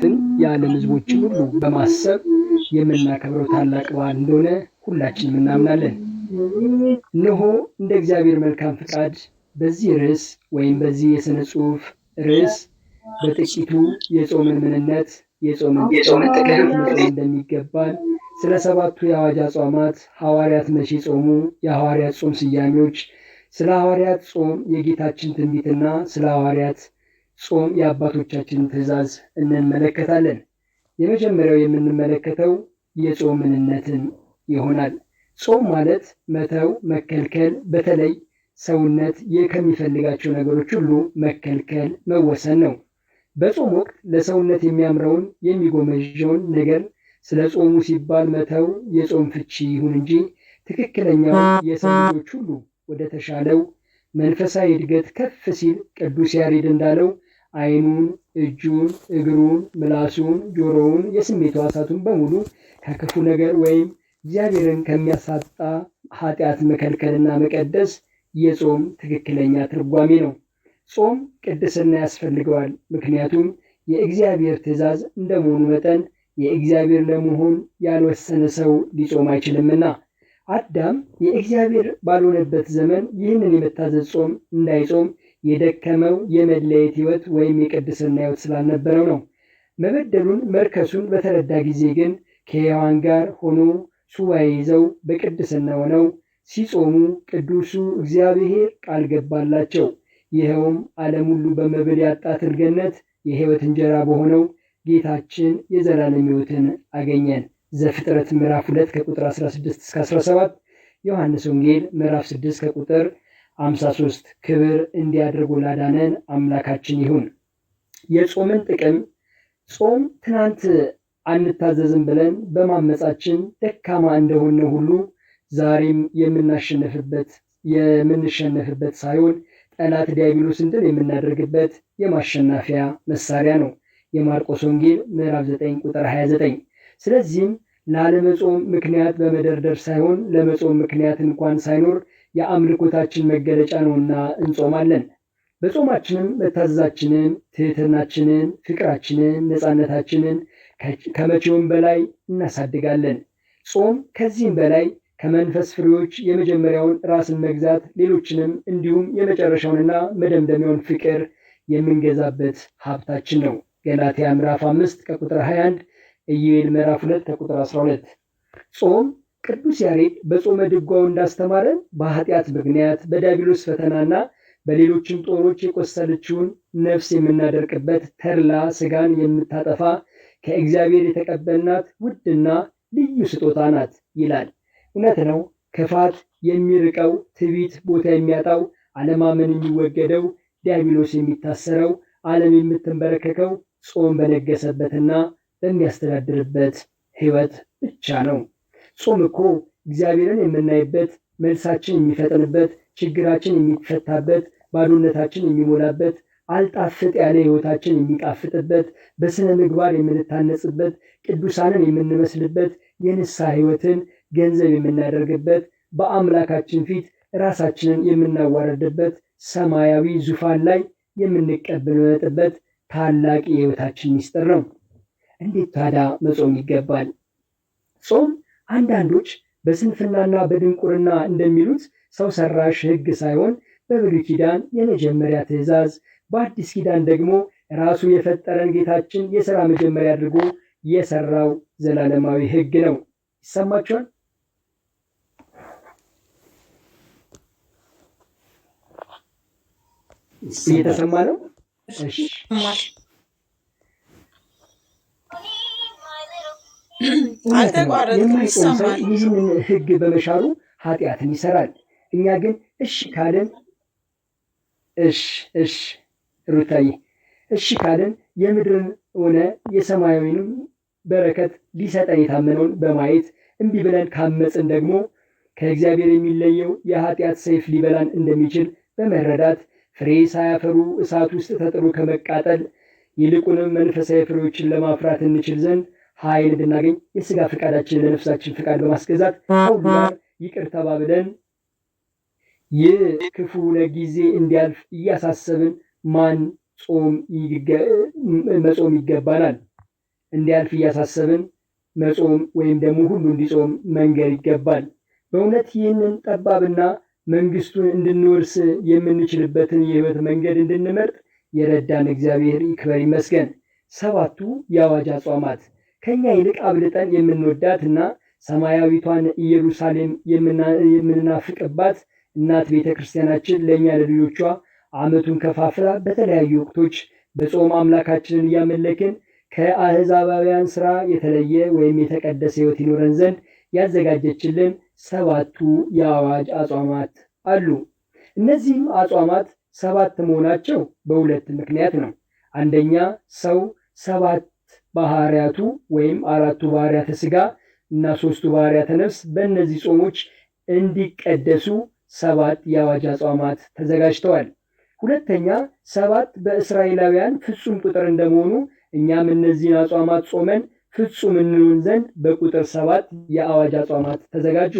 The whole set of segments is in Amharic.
መብትን የዓለም ህዝቦችን ሁሉ በማሰብ የምናከብረው ታላቅ በዓል እንደሆነ ሁላችንም እናምናለን። እነሆ እንደ እግዚአብሔር መልካም ፍቃድ በዚህ ርዕስ ወይም በዚህ የሥነ ጽሑፍ ርዕስ በጥቂቱ የጾምን ምንነት፣ የጾምን ጥቅም፣ እንዴት ስለ ሰባቱ የአዋጅ አጽዋማት፣ ሐዋርያት መቼ ጾሙ፣ የሐዋርያት ጾም ስያሜዎች፣ ስለ ሐዋርያት ጾም የጌታችን ትንቢትና ስለ ሐዋርያት ጾም የአባቶቻችን ትእዛዝ እንመለከታለን። የመጀመሪያው የምንመለከተው የጾም ምንነትን ይሆናል። ጾም ማለት መተው፣ መከልከል፣ በተለይ ሰውነት ከሚፈልጋቸው ነገሮች ሁሉ መከልከል፣ መወሰን ነው። በጾም ወቅት ለሰውነት የሚያምረውን የሚጎመዣውን ነገር ስለ ጾሙ ሲባል መተው የጾም ፍቺ ይሁን እንጂ ትክክለኛው የሰው ልጆች ሁሉ ወደ ተሻለው መንፈሳዊ እድገት ከፍ ሲል ቅዱስ ያሬድ እንዳለው አይኑን፣ እጁን፣ እግሩን፣ ምላሱን፣ ጆሮውን፣ የስሜት ሕዋሳቱን በሙሉ ከክፉ ነገር ወይም እግዚአብሔርን ከሚያሳጣ ኃጢአት መከልከልና መቀደስ የጾም ትክክለኛ ትርጓሜ ነው። ጾም ቅድስና ያስፈልገዋል። ምክንያቱም የእግዚአብሔር ትእዛዝ እንደመሆኑ መጠን የእግዚአብሔር ለመሆን ያልወሰነ ሰው ሊጾም አይችልምና አዳም የእግዚአብሔር ባልሆነበት ዘመን ይህንን የመታዘዝ ጾም እንዳይጾም የደከመው የመለየት ሕይወት ወይም የቅድስና ሕይወት ስላልነበረው ነው። መበደሉን መርከሱን በተረዳ ጊዜ ግን ከሔዋን ጋር ሆኖ ሱባኤ ይዘው በቅድስና ሆነው ሲጾሙ ቅዱሱ እግዚአብሔር ቃል ገባላቸው። ይኸውም ዓለም ሁሉ በመብል ያጣትን ገነት የሕይወት እንጀራ በሆነው ጌታችን የዘላለም ሕይወትን አገኘን። ዘፍጥረት ምዕራፍ 2 ከቁጥር 16 እስከ 17 ዮሐንስ ወንጌል ምዕራፍ 6 ከቁጥር አምሳ ሶስት ክብር እንዲያደርጉ ላዳነን አምላካችን ይሁን። የጾምን ጥቅም ጾም ትናንት አንታዘዝም ብለን በማመጻችን ደካማ እንደሆነ ሁሉ ዛሬም የምናሸንፍበት የምንሸነፍበት ሳይሆን ጠላት ዲያብሎስ ድል የምናደርግበት የማሸናፊያ መሳሪያ ነው። የማርቆስ ወንጌል ምዕራፍ 9 ቁጥር 29። ስለዚህም ላለመጾም ምክንያት በመደርደር ሳይሆን ለመጾም ምክንያት እንኳን ሳይኖር የአምልኮታችን መገለጫ ነውና እንጾማለን። በጾማችንም መታዘዛችንን፣ ትህትናችንን፣ ፍቅራችንን፣ ነፃነታችንን ከመቼውም በላይ እናሳድጋለን። ጾም ከዚህም በላይ ከመንፈስ ፍሬዎች የመጀመሪያውን ራስን መግዛት፣ ሌሎችንም እንዲሁም የመጨረሻውንና መደምደሚያውን ፍቅር የምንገዛበት ሀብታችን ነው። ገላትያ ምዕራፍ አምስት ከቁጥር 21 ኢዩኤል ምዕራፍ ሁለት ከቁጥር 12 ጾም ቅዱስ ያሬድ በጾመ ድጓው እንዳስተማረን በኃጢአት ምክንያት በዲያብሎስ ፈተናና በሌሎችም ጦሮች የቆሰለችውን ነፍስ የምናደርቅበት ተድላ ስጋን የምታጠፋ ከእግዚአብሔር የተቀበልናት ውድና ልዩ ስጦታ ናት ይላል። እውነት ነው። ክፋት የሚርቀው፣ ትዕቢት ቦታ የሚያጣው፣ አለማመን የሚወገደው፣ ዲያብሎስ የሚታሰረው፣ ዓለም የምትንበረከከው ጾም በነገሰበትና በሚያስተዳድርበት ህይወት ብቻ ነው። ጾም እኮ እግዚአብሔርን የምናይበት፣ መልሳችን የሚፈጠንበት፣ ችግራችን የሚፈታበት፣ ባዶነታችን የሚሞላበት፣ አልጣፍጥ ያለ ህይወታችን የሚጣፍጥበት፣ በስነ ምግባር የምንታነጽበት፣ ቅዱሳንን የምንመስልበት፣ የንስሐ ህይወትን ገንዘብ የምናደርግበት፣ በአምላካችን ፊት ራሳችንን የምናዋረድበት፣ ሰማያዊ ዙፋን ላይ የምንቀበልበት ታላቅ የህይወታችን ሚስጥር ነው። እንዴት ታዲያ መጾም ይገባል? ጾም አንዳንዶች በስንፍናና በድንቁርና እንደሚሉት ሰው ሰራሽ ሕግ ሳይሆን በብሉይ ኪዳን የመጀመሪያ ትእዛዝ፣ በአዲስ ኪዳን ደግሞ ራሱ የፈጠረን ጌታችን የሥራ መጀመሪያ አድርጎ የሰራው ዘላለማዊ ሕግ ነው። ይሰማችኋል? እየተሰማ ነው? እሺ የማይጾም ሰው በመሻሩ ኃጢአትን ይሰራል። እኛ ግን እሺ እሺ የምድርን ሆነ የሰማያዊንም በረከት ሊሰጠን የታመነውን በማየት እምቢ ብለን ካመፅን ደግሞ ከእግዚአብሔር የሚለየው የኃጢአት ሰይፍ ሊበላን እንደሚችል በመረዳት ፍሬ ሳያፈሩ እሳት ውስጥ ተጥሎ ከመቃጠል ይልቁንም መንፈሳዊ ፍሬዎችን ለማፍራት እንችል ዘንድ ኃይል እንድናገኝ የስጋ ፈቃዳችን ለነፍሳችን ፍቃድ በማስገዛት ሁላን ይቅር ተባብለን ይህ ክፉ ለጊዜ እንዲያልፍ እያሳሰብን ማን ጾም መጾም ይገባናል። እንዲያልፍ እያሳሰብን መጾም ወይም ደግሞ ሁሉ እንዲጾም መንገድ ይገባል። በእውነት ይህንን ጠባብና መንግስቱን እንድንወርስ የምንችልበትን የህይወት መንገድ እንድንመርጥ የረዳን እግዚአብሔር ይክበር ይመስገን። ሰባቱ የአዋጅ አጽዋማት ከኛ ይልቅ አብልጠን የምንወዳትና ሰማያዊቷን ኢየሩሳሌም የምንናፍቅባት እናት ቤተ ክርስቲያናችን ለእኛ ለልጆቿ ዓመቱን ከፋፍላ በተለያዩ ወቅቶች በጾም አምላካችንን እያመለክን ከአህዛባውያን ስራ የተለየ ወይም የተቀደሰ ሕይወት ይኖረን ዘንድ ያዘጋጀችልን ሰባቱ የአዋጅ አጽዋማት አሉ። እነዚህም አጽዋማት ሰባት መሆናቸው በሁለት ምክንያት ነው። አንደኛ ሰው ሰባት ባህርያቱ ወይም አራቱ ባህርያተ ስጋ እና ሶስቱ ባህርያተ ነፍስ በእነዚህ ጾሞች እንዲቀደሱ ሰባት የአዋጅ አጽዋማት ተዘጋጅተዋል። ሁለተኛ ሰባት በእስራኤላውያን ፍጹም ቁጥር እንደመሆኑ እኛም እነዚህን አጽዋማት ጾመን ፍጹም እንሆን ዘንድ በቁጥር ሰባት የአዋጅ አጽዋማት ተዘጋጁ።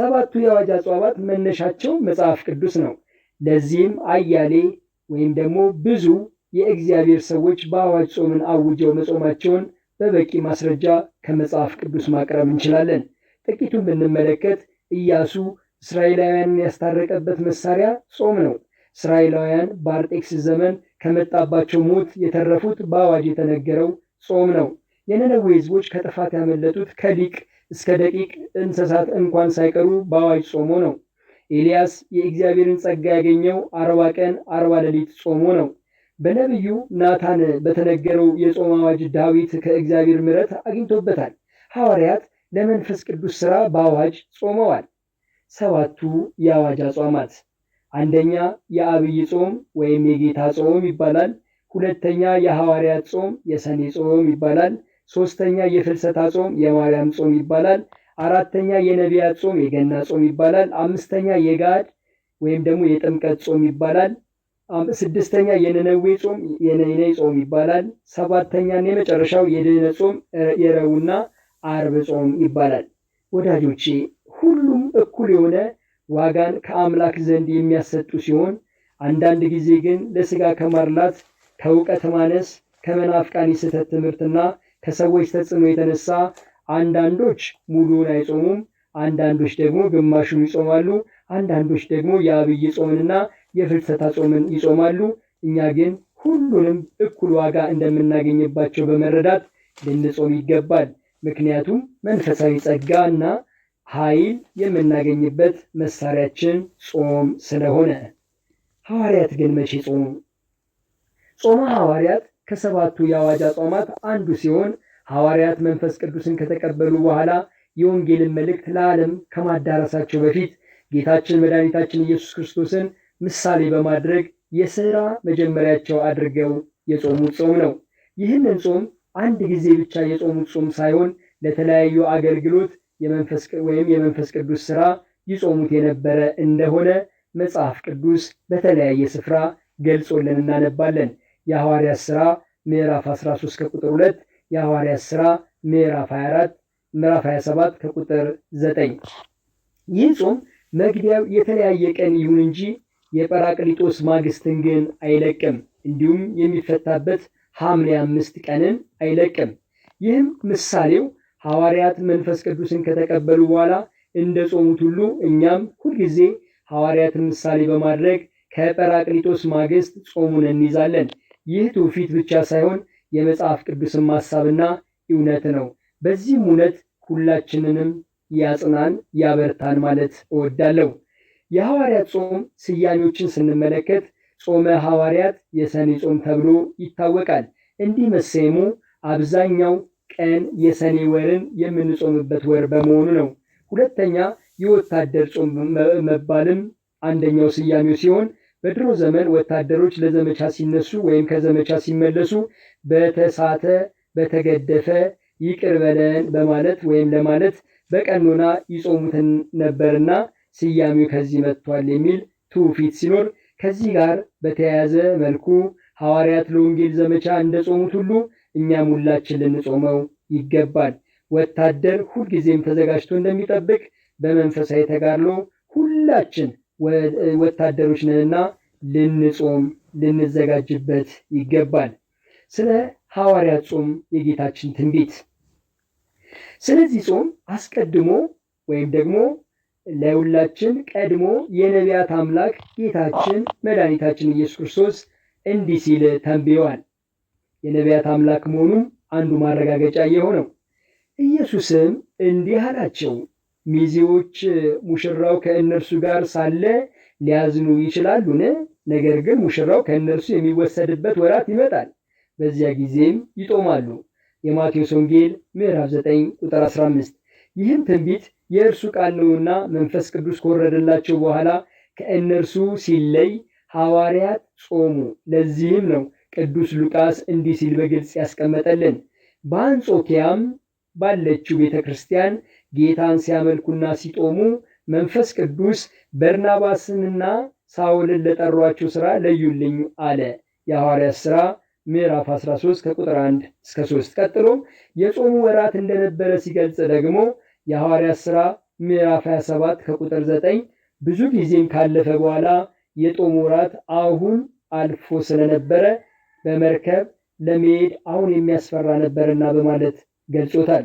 ሰባቱ የአዋጅ አጽዋማት መነሻቸው መጽሐፍ ቅዱስ ነው። ለዚህም አያሌ ወይም ደግሞ ብዙ የእግዚአብሔር ሰዎች በአዋጅ ጾምን አውጀው መጾማቸውን በበቂ ማስረጃ ከመጽሐፍ ቅዱስ ማቅረብ እንችላለን። ጥቂቱን ብንመለከት ኢያሱ እስራኤላውያንን ያስታረቀበት መሳሪያ ጾም ነው። እስራኤላውያን በአርጤክስ ዘመን ከመጣባቸው ሞት የተረፉት በአዋጅ የተነገረው ጾም ነው። የነነዌ ሕዝቦች ከጥፋት ያመለጡት ከሊቅ እስከ ደቂቅ እንስሳት እንኳን ሳይቀሩ በአዋጅ ጾሞ ነው። ኤልያስ የእግዚአብሔርን ጸጋ ያገኘው አርባ ቀን አርባ ሌሊት ጾሞ ነው። በነቢዩ ናታን በተነገረው የጾም አዋጅ ዳዊት ከእግዚአብሔር ምሕረት አግኝቶበታል። ሐዋርያት ለመንፈስ ቅዱስ ሥራ በአዋጅ ጾመዋል። ሰባቱ የአዋጅ አጽዋማት አንደኛ የአብይ ጾም ወይም የጌታ ጾም ይባላል። ሁለተኛ የሐዋርያት ጾም የሰኔ ጾም ይባላል። ሶስተኛ የፍልሰታ ጾም የማርያም ጾም ይባላል። አራተኛ የነቢያት ጾም የገና ጾም ይባላል። አምስተኛ የጋድ ወይም ደግሞ የጥምቀት ጾም ይባላል። ስድስተኛ የነነዌ ጾም የነነ ጾም ይባላል። ሰባተኛና የመጨረሻው የድህነ ጾም የረቡዕና አርብ ጾም ይባላል። ወዳጆቼ ሁሉም እኩል የሆነ ዋጋን ከአምላክ ዘንድ የሚያሰጡ ሲሆን አንዳንድ ጊዜ ግን ለስጋ ከማርላት ከእውቀት ማነስ ከመናፍቃን የስህተት ትምህርትና ከሰዎች ተጽዕኖ የተነሳ አንዳንዶች ሙሉውን አይጾሙም፣ አንዳንዶች ደግሞ ግማሹን ይጾማሉ፣ አንዳንዶች ደግሞ የአብይ ጾምንና የፍልሰታ ጾምን ይጾማሉ። እኛ ግን ሁሉንም እኩል ዋጋ እንደምናገኝባቸው በመረዳት ልንጾም ይገባል። ምክንያቱም መንፈሳዊ ጸጋ እና ኃይል የምናገኝበት መሳሪያችን ጾም ስለሆነ። ሐዋርያት ግን መቼ ጾሙ? ጾመ ሐዋርያት ከሰባቱ የአዋጅ አጽዋማት አንዱ ሲሆን ሐዋርያት መንፈስ ቅዱስን ከተቀበሉ በኋላ የወንጌልን መልእክት ለዓለም ከማዳረሳቸው በፊት ጌታችን መድኃኒታችን ኢየሱስ ክርስቶስን ምሳሌ በማድረግ የስራ መጀመሪያቸው አድርገው የጾሙት ጾም ነው። ይህንን ጾም አንድ ጊዜ ብቻ የጾሙት ጾም ሳይሆን ለተለያዩ አገልግሎት የመንፈስ ወይም የመንፈስ ቅዱስ ስራ ይጾሙት የነበረ እንደሆነ መጽሐፍ ቅዱስ በተለያየ ስፍራ ገልጾልን እናነባለን። የሐዋርያት ሥራ ምዕራፍ 13 ከቁጥር 2፣ የሐዋርያት ሥራ ምዕራፍ 24 ምዕራፍ 27 ከቁጥር 9። ይህ ጾም መግቢያው የተለያየ ቀን ይሁን እንጂ የጰራቅሊጦስ ማግስትን ግን አይለቅም። እንዲሁም የሚፈታበት ሐምሌ አምስት ቀንን አይለቅም። ይህም ምሳሌው ሐዋርያት መንፈስ ቅዱስን ከተቀበሉ በኋላ እንደ ጾሙት ሁሉ እኛም ሁልጊዜ ሐዋርያትን ምሳሌ በማድረግ ከጰራቅሊጦስ ማግስት ጾሙን እንይዛለን። ይህ ትውፊት ብቻ ሳይሆን የመጽሐፍ ቅዱስን ማሳብና እውነት ነው። በዚህም እውነት ሁላችንንም ያጽናን ያበርታን ማለት እወዳለሁ። የሐዋርያት ጾም ስያሜዎችን ስንመለከት ጾመ ሐዋርያት የሰኔ ጾም ተብሎ ይታወቃል። እንዲህ መሰየሙ አብዛኛው ቀን የሰኔ ወርን የምንጾምበት ወር በመሆኑ ነው። ሁለተኛ የወታደር ጾም መባልም አንደኛው ስያሜው ሲሆን በድሮ ዘመን ወታደሮች ለዘመቻ ሲነሱ ወይም ከዘመቻ ሲመለሱ በተሳተ፣ በተገደፈ ይቅር በለን በማለት ወይም ለማለት በቀኖና ይጾሙትን ነበርና ስያሜው ከዚህ መጥቷል የሚል ትውፊት ሲኖር ከዚህ ጋር በተያያዘ መልኩ ሐዋርያት ለወንጌል ዘመቻ እንደጾሙት ሁሉ እኛም ሁላችን ልንጾመው ይገባል። ወታደር ሁልጊዜም ተዘጋጅቶ እንደሚጠብቅ በመንፈሳዊ ተጋድሎ ሁላችን ወታደሮች ነንና ልንጾም ልንዘጋጅበት ይገባል። ስለ ሐዋርያት ጾም የጌታችን ትንቢት። ስለዚህ ጾም አስቀድሞ ወይም ደግሞ ለሁላችን ቀድሞ የነቢያት አምላክ ጌታችን መድኃኒታችን ኢየሱስ ክርስቶስ እንዲህ ሲል ተንብየዋል። የነቢያት አምላክ መሆኑም አንዱ ማረጋገጫ የሆነው ኢየሱስም እንዲህ አላቸው፣ ሚዜዎች ሙሽራው ከእነርሱ ጋር ሳለ ሊያዝኑ ይችላሉን? ነገር ግን ሙሽራው ከእነርሱ የሚወሰድበት ወራት ይመጣል፣ በዚያ ጊዜም ይጦማሉ። የማቴዎስ ወንጌል ምዕራፍ 9 ቁጥር 15 ይህም ትንቢት የእርሱ ቃል ነውና መንፈስ ቅዱስ ከወረደላቸው በኋላ ከእነርሱ ሲለይ ሐዋርያት ጾሙ። ለዚህም ነው ቅዱስ ሉቃስ እንዲህ ሲል በግልጽ ያስቀመጠልን በአንጾኪያም ባለችው ቤተ ክርስቲያን ጌታን ሲያመልኩና ሲጦሙ መንፈስ ቅዱስ በርናባስንና ሳውልን ለጠሯቸው ሥራ ለዩልኝ አለ። የሐዋርያት ሥራ ምዕራፍ 13 ከቁጥር 1 እስከ 3 ቀጥሎ የጾሙ ወራት እንደነበረ ሲገልጽ ደግሞ የሐዋርያት ሥራ ምዕራፍ 27 ከቁጥር 9 ብዙ ጊዜም ካለፈ በኋላ የጦም ወራት አሁን አልፎ ስለነበረ በመርከብ ለመሄድ አሁን የሚያስፈራ ነበርና በማለት ገልጾታል።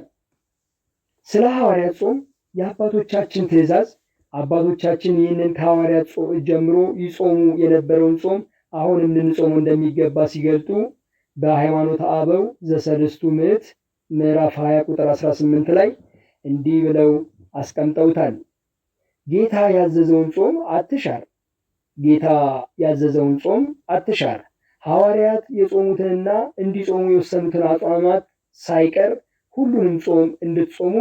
ስለ ሐዋርያት ጾም የአባቶቻችን ትእዛዝ አባቶቻችን ይህንን ከሐዋርያት ጾም ጀምሮ ይጾሙ የነበረውን ጾም አሁን እንድንጾሙ እንደሚገባ ሲገልጡ በሃይማኖት አበው ዘሰለስቱ ምዕት ምዕራፍ 20 ቁጥር 18 ላይ እንዲህ ብለው አስቀምጠውታል። ጌታ ያዘዘውን ጾም አትሻር፣ ጌታ ያዘዘውን ጾም አትሻር። ሐዋርያት የጾሙትንና እንዲጾሙ የወሰኑትን አጽዋማት ሳይቀር ሁሉንም ጾም እንድትጾሙ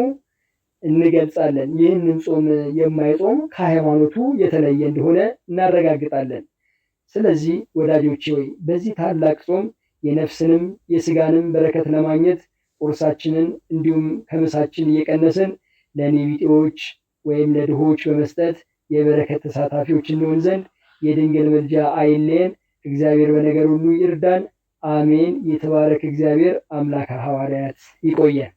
እንገልጻለን። ይህንን ጾም የማይጾም ከሃይማኖቱ የተለየ እንደሆነ እናረጋግጣለን። ስለዚህ ወዳጆቼ ሆይ በዚህ ታላቅ ጾም የነፍስንም የስጋንም በረከት ለማግኘት ቁርሳችንን እንዲሁም ከምሳችን እየቀነስን ለእኔ ቢጤዎች ወይም ለድሆች በመስጠት የበረከት ተሳታፊዎች እንሆን ዘንድ የድንግል ምልጃ አይለየን። እግዚአብሔር በነገር ሁሉ ይርዳን። አሜን። የተባረክ እግዚአብሔር አምላከ ሐዋርያት ይቆየን።